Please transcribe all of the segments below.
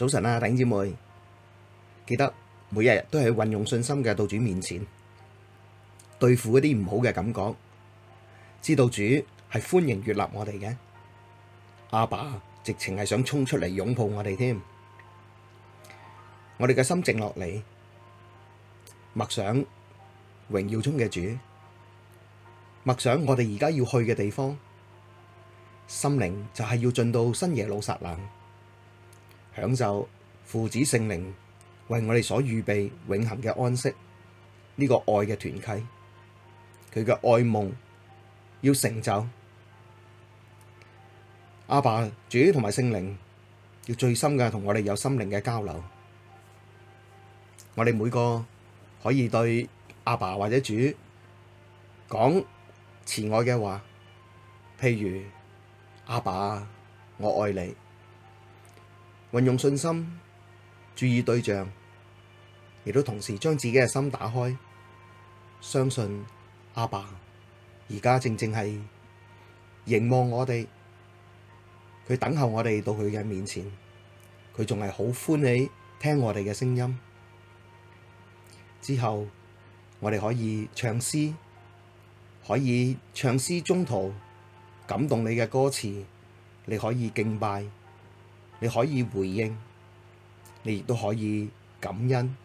早晨啊，弟兄姊妹！記得每一日都係去運用信心嘅到主面前，對付嗰啲唔好嘅感覺。知道主係歡迎悅納我哋嘅，阿爸直情係想衝出嚟擁抱我哋添。我哋嘅心靜落嚟，默想榮耀中嘅主，默想我哋而家要去嘅地方，心靈就係要進到新耶路撒冷。享受父子聖靈為我哋所預備永恒嘅安息，呢個愛嘅團契，佢嘅愛夢要成就。阿爸、主同埋聖靈要最深嘅同我哋有心靈嘅交流。我哋每個可以對阿爸或者主講慈愛嘅話，譬如阿爸，我愛你。運用信心，注意對象，亦都同時將自己嘅心打開，相信阿爸而家正正係凝望我哋，佢等候我哋到佢嘅面前，佢仲係好歡喜聽我哋嘅聲音。之後我哋可以唱詩，可以唱詩中途感動你嘅歌詞，你可以敬拜，你可以回應，你亦都可以感恩，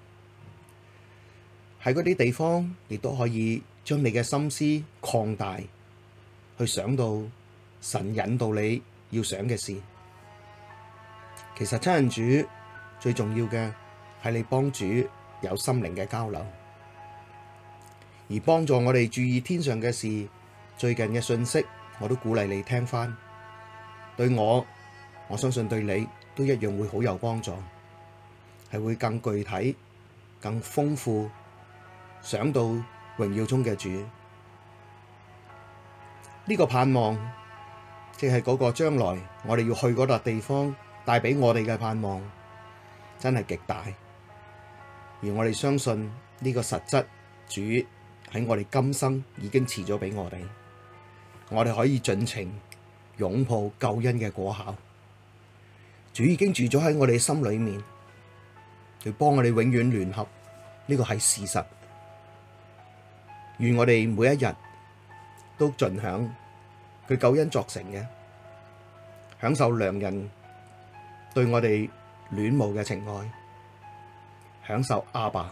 喺嗰啲地方，你都可以將你嘅心思擴大，去想到神引導你要想嘅事。其實親近主最重要嘅係你幫主有心靈嘅交流，而幫助我哋注意天上嘅事，最近嘅訊息，我都鼓勵你聽返，對我。我相信對你都一樣會好有幫助，係會更具體、更豐富，想到榮耀中嘅主呢個盼望，即係嗰個將來我哋要去嗰笪地方帶畀我哋嘅盼望，真係極大。而我哋相信呢個實質主喺我哋今生已經賜咗畀我哋，我哋可以盡情擁抱救恩嘅果效。主已經住咗喺我哋心裏面，佢幫我哋永遠聯合呢個係事實。願我哋每一日都盡享佢救恩作成嘅享受，良人對我哋戀慕嘅情愛，享受阿爸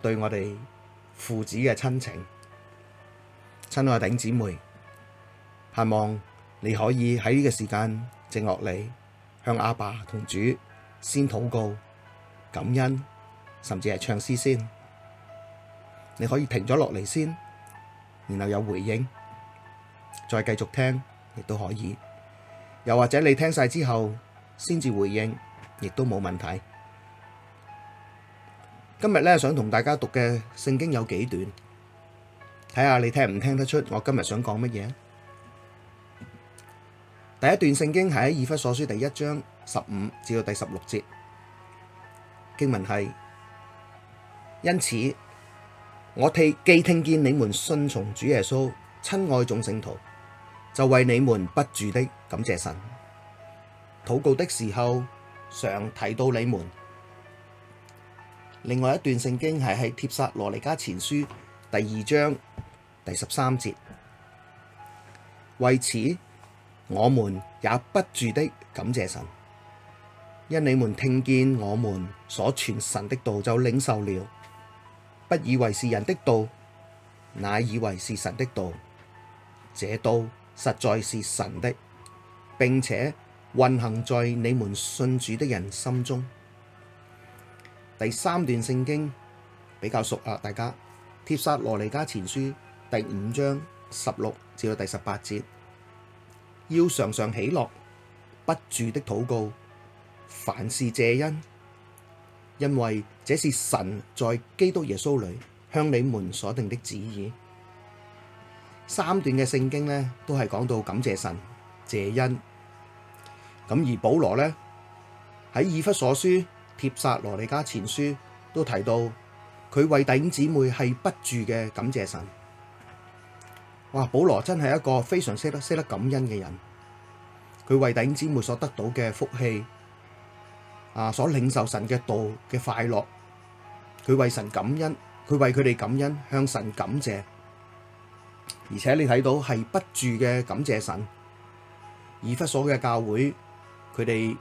對我哋父子嘅親情，親愛頂姊妹，盼望你可以喺呢個時間靜落嚟。向阿爸同主先禱告感恩，甚至係唱詩先，你可以停咗落嚟，先，然後有回應，再繼續聽亦都可以。又或者你聽晒之後先至回應，亦都冇問題。今日咧想同大家讀嘅聖經有幾段，睇下你聽唔聽得出我今日想講乜嘢。第一段聖經係喺以弗所書第一章十五至到第十六節經文係，因此我哋既聽見你們信從主耶穌、親愛眾聖徒，就為你們不住的感謝神。禱告的時候常提到你們。另外一段聖經係喺帖撒羅尼迦前書第二章第十三節，為此。我們也不住的感謝神，因你們聽見我們所傳神的道就領受了，不以為是人的道，乃以為是神的道。這道實在是神的，並且運行在你們信主的人心中。第三段聖經比較熟啊，大家《帖撒羅尼迦前書》第五章十六至到第十八節，要常常喜樂，不住的禱告，凡事謝恩，因為這是神在基督耶穌裡向你們所定的旨意。三段嘅聖經呢，都係講到感謝神、謝恩。咁而保羅呢，喺以弗所書、帖撒羅尼迦前書都提到，佢為弟兄姊妹係不住嘅感謝神。哇！保羅真係一個非常識得識得感恩嘅人，佢為弟兄姊妹所得到嘅福氣，啊，所領受神嘅道嘅快樂，佢為神感恩，佢為佢哋感恩，向神感謝。而且你睇到係不住嘅感謝神，以弗所嘅教會，佢哋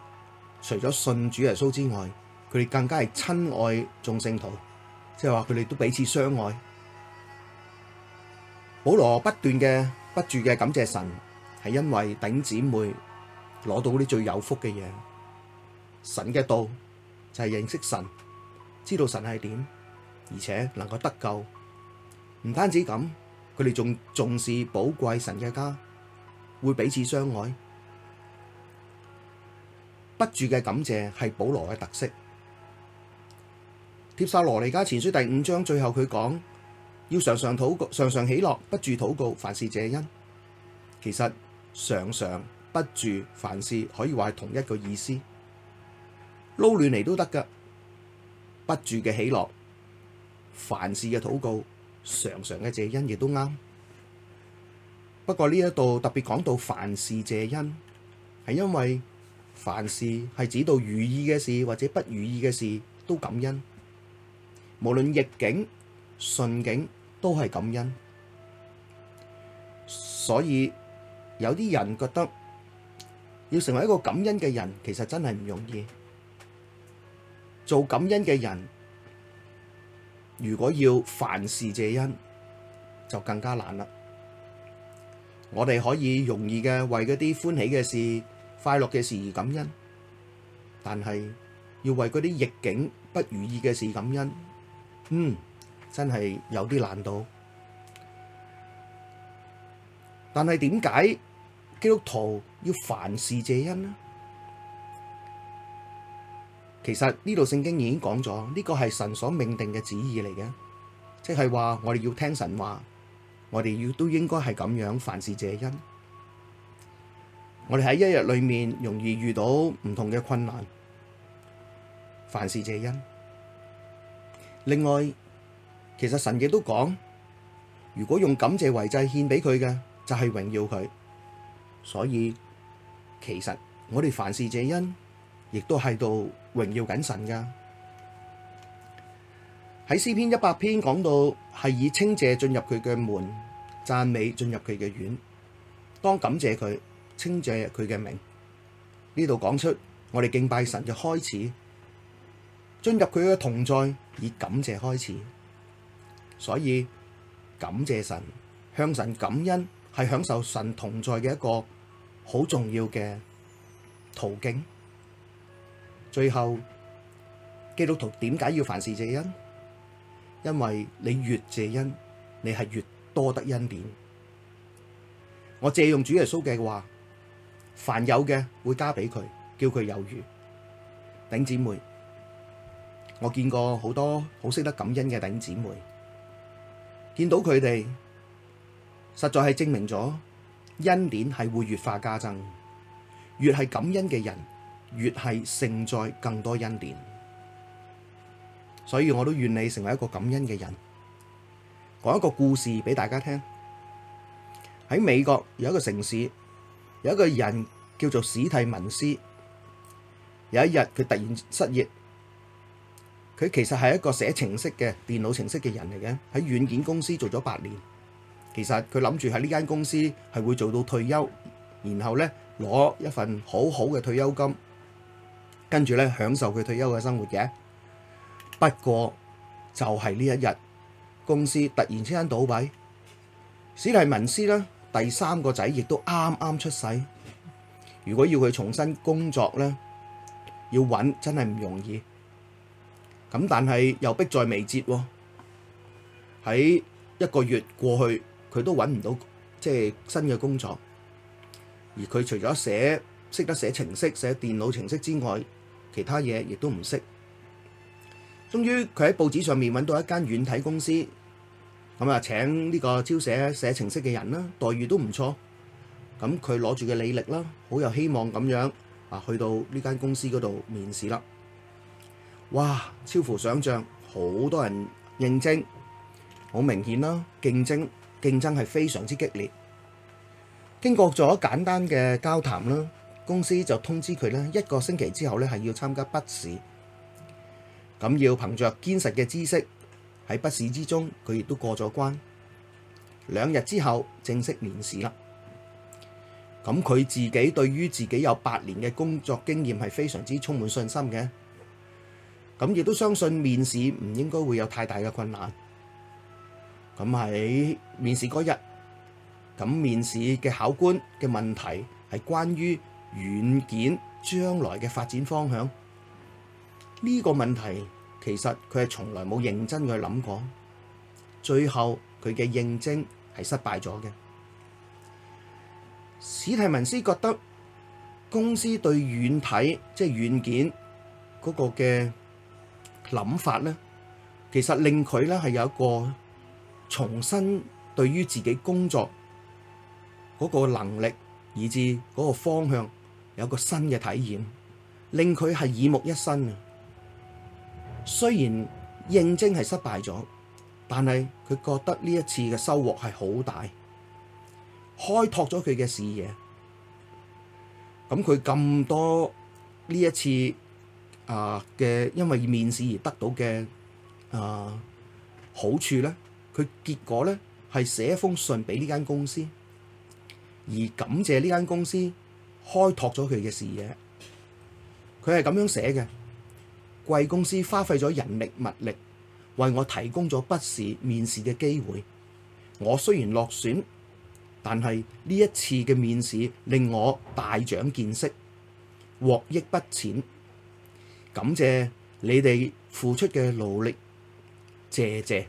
除咗信主耶穌之外，佢哋更加係親愛眾聖徒，即係話佢哋都彼此相愛。保羅不斷嘅不住嘅感謝神，係因為頂姊妹攞到啲最有福嘅嘢。神嘅道就係、是、認識神，知道神係點，而且能夠得救。唔單止咁，佢哋仲重視寶貴神嘅家，會彼此相愛。不住嘅感謝係保羅嘅特色。帖撒羅尼迦前書第五章最後佢講。要常常禱告，常常喜樂，不住禱告，凡事謝恩。其實常常、不住、凡事可以話係同一個意思。撈亂嚟都得㗎，不住嘅喜樂，凡事嘅禱告，常常嘅謝恩亦都啱。不過呢一度特別講到凡事謝恩，係因為凡事係指到如意嘅事或者不如意嘅事都感恩，無論逆境順境。都係感恩，所以有啲人覺得要成為一個感恩嘅人，其實真係唔容易。做感恩嘅人，如果要凡事謝恩，就更加難啦。我哋可以容易嘅為嗰啲歡喜嘅事、快樂嘅事而感恩，但係要為嗰啲逆境、不如意嘅事感恩，嗯。真係有啲難度，但係點解基督徒要凡事謝恩呢？其實呢度聖經已經講咗，呢個係神所命定嘅旨意嚟嘅，即係話我哋要聽神話，我哋要都應該係咁樣凡事謝恩。我哋喺一日裏面容易遇到唔同嘅困難，凡事謝恩。另外。其實神亦都講，如果用感謝為祭獻俾佢嘅，就係、是、榮耀佢。所以其實我哋凡事謝恩，亦都喺度榮耀緊神噶。喺詩篇一百篇講到係以稱謝進入佢嘅門，讚美進入佢嘅院，當感謝佢，稱謝佢嘅名。呢度講出我哋敬拜神嘅開始，進入佢嘅同在，以感謝開始。所以感謝神，向神感恩係享受神同在嘅一個好重要嘅途徑。最後基督徒點解要凡事謝恩？因為你越謝恩，你係越多得恩典。我借用主耶穌嘅話：凡有嘅會加俾佢，叫佢有餘。頂姊妹，我見過好多好識得感恩嘅頂姊妹。見到佢哋，實在係證明咗恩典係會越發加增，越係感恩嘅人，越係盛載更多恩典。所以我都願你成為一個感恩嘅人。講一個故事俾大家聽。喺美國有一個城市，有一個人叫做史蒂文斯，有一日佢突然失業。佢其實係一個寫程式嘅電腦程式嘅人嚟嘅，喺軟件公司做咗八年。其實佢諗住喺呢間公司係會做到退休，然後咧攞一份好好嘅退休金，跟住咧享受佢退休嘅生活嘅。不過就係呢一日，公司突然之間倒閉，史麗文斯咧，第三個仔亦都啱啱出世。如果要佢重新工作咧，要揾真係唔容易。咁但係又迫在眉睫喎，喺一個月過去，佢都揾唔到即係新嘅工作，而佢除咗寫識得寫程式、寫電腦程式之外，其他嘢亦都唔識。終於佢喺報紙上面揾到一間軟體公司，咁啊請呢個招寫寫程式嘅人啦，待遇都唔錯，咁佢攞住嘅履歷啦，好有希望咁樣啊去到呢間公司嗰度面試啦。哇！超乎想象，好多人應徵，好明顯啦。競爭競爭係非常之激烈。經過咗簡單嘅交談啦，公司就通知佢呢一個星期之後呢係要參加筆試。咁要憑着堅實嘅知識喺筆試之中，佢亦都過咗關。兩日之後正式面試啦。咁佢自己對於自己有八年嘅工作經驗係非常之充滿信心嘅。咁亦都相信面試唔應該會有太大嘅困難。咁喺面試嗰日，咁面試嘅考官嘅問題係關於軟件將來嘅發展方向。呢個問題其實佢係從來冇認真去諗過。最後佢嘅認證係失敗咗嘅。史蒂文斯覺得公司對軟體即係軟件嗰個嘅。諗法咧，其實令佢咧，係有一個重新對於自己工作嗰個能力，以至嗰個方向有個新嘅體驗，令佢係耳目一新啊！雖然應徵係失敗咗，但係佢覺得呢一次嘅收穫係好大，開拓咗佢嘅視野。咁佢咁多呢一次。啊嘅，因為面試而得到嘅啊好處呢，佢結果呢係寫一封信俾呢間公司，而感謝呢間公司開拓咗佢嘅視野。佢係咁樣寫嘅：貴公司花費咗人力物力，為我提供咗筆試面試嘅機會。我雖然落選，但係呢一次嘅面試令我大長見識，獲益不淺。感謝你哋付出嘅努力，謝謝。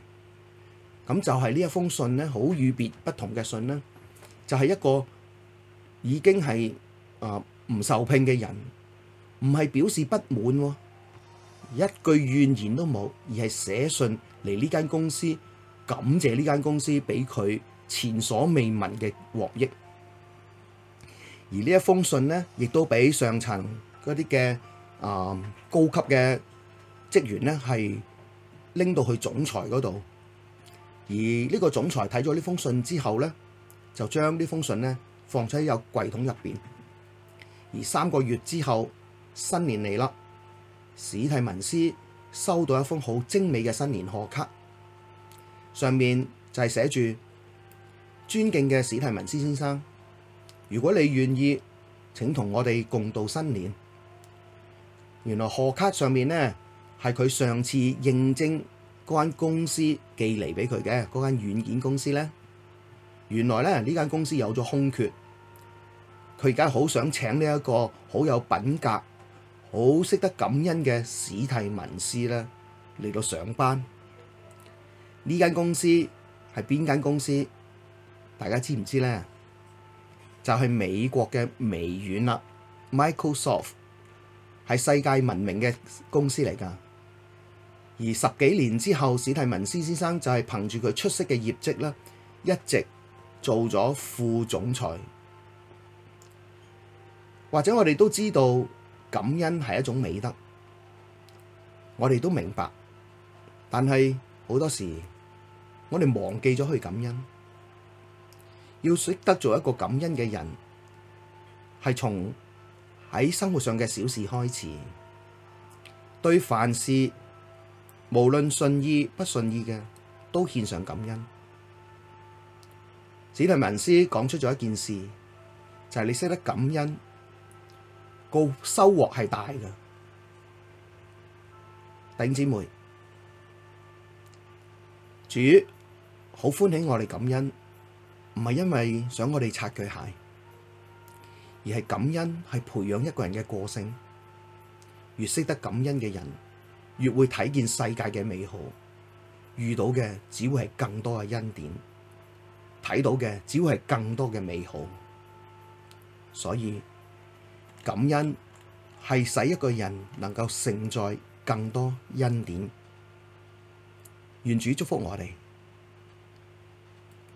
咁就係呢一封信咧，好與別不同嘅信啦，就係一個已經係啊唔受聘嘅人，唔係表示不滿喎，一句怨言都冇，而係寫信嚟呢間公司感謝呢間公司俾佢前所未聞嘅獲益。而呢一封信呢，亦都俾上層嗰啲嘅。啊，高級嘅職員呢係拎到去總裁嗰度，而呢個總裁睇咗呢封信之後呢就將呢封信呢放咗喺個櫃桶入邊。而三個月之後，新年嚟啦，史蒂文斯收到一封好精美嘅新年賀卡，上面就係寫住：尊敬嘅史蒂文斯先生，如果你願意，請同我哋共度新年。原來賀卡上面咧係佢上次應徵嗰間公司寄嚟俾佢嘅嗰間軟件公司咧，原來咧呢間公司有咗空缺，佢而家好想請呢一個好有品格、好識得感恩嘅史蒂文斯咧嚟到上班。呢間公司係邊間公司？大家知唔知咧？就係美國嘅微軟啦，Microsoft。係世界聞名嘅公司嚟㗎，而十幾年之後，史蒂文斯先生就係憑住佢出色嘅業績啦，一直做咗副總裁。或者我哋都知道感恩係一種美德，我哋都明白，但係好多時我哋忘記咗去感恩，要識得做一個感恩嘅人，係從，喺生活上嘅小事開始，對凡事無論順意不順意嘅，都獻上感恩。史蒂文斯講出咗一件事，就係你識得感恩，個收穫係大嘅。弟兄姊妹，主好歡喜我哋感恩，唔係因為想我哋擦佢鞋。而係感恩，係培養一個人嘅個性。越識得感恩嘅人，越會睇見世界嘅美好。遇到嘅只會係更多嘅恩典，睇到嘅只會係更多嘅美好。所以，感恩係使一個人能夠承載更多恩典。願主祝福我哋。